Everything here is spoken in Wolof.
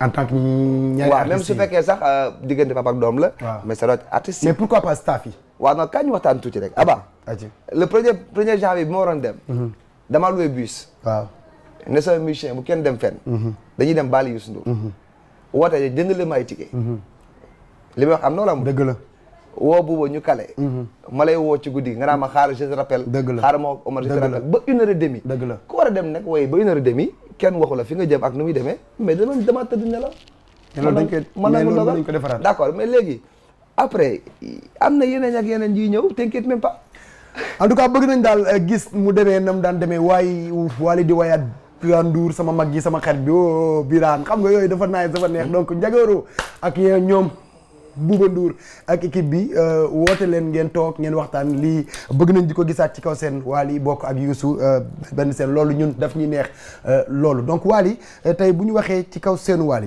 en tant que ñaari artistes su fekkee sax euh, diggante papa ak doom la. mais ça doit être artiste mais pourquoi pas staff yi. waaw non kañ waxtaan tuuti rek Aba. le premier premier janvier bi ma waroon dem. Mhm. dama loué bus. ne sa musicien bu kenn dem fenn. Mhm. dañuy dem Bali Youssou Ndour. Mhm. woote jënd leen may ticket. li may wax am na wala dëgg la. woo boobu ñu kale. ma woo ci guddi nga naan ma xaar je te la xaar ma Omar je te rappelle ba une heure et demie. a dem nag waaye ba une heure et kenn waxu la fi nga jëm ak nu muy demee mais dama dama tëdd ne la. mën nañu ko mën ko defaraat d' accord mais léegi après am na yeneen ak yeneen yuy ñëw t'inquiète même pas. en tout cas bëgg nañ daal euh, gis mu demee mu daan demee waaye waali di wayaat Birane Ndour sama mag yi sama xarit bi o oh, Birane xam nga yooyu dafa naaj dafa neex hmm. donc Ndiagoro ak ñoom. Bouba Ndour ak équipe bi euh, woote leen ngeen toog ngeen waxtaan lii bëgg nañ di ko gisaat ci kaw seen Wally bokk ak Youssou euh, benn seen loolu ñun daf ñuy neex euh, loolu donc Wally tey bu ñu waxee ci kaw seen Wally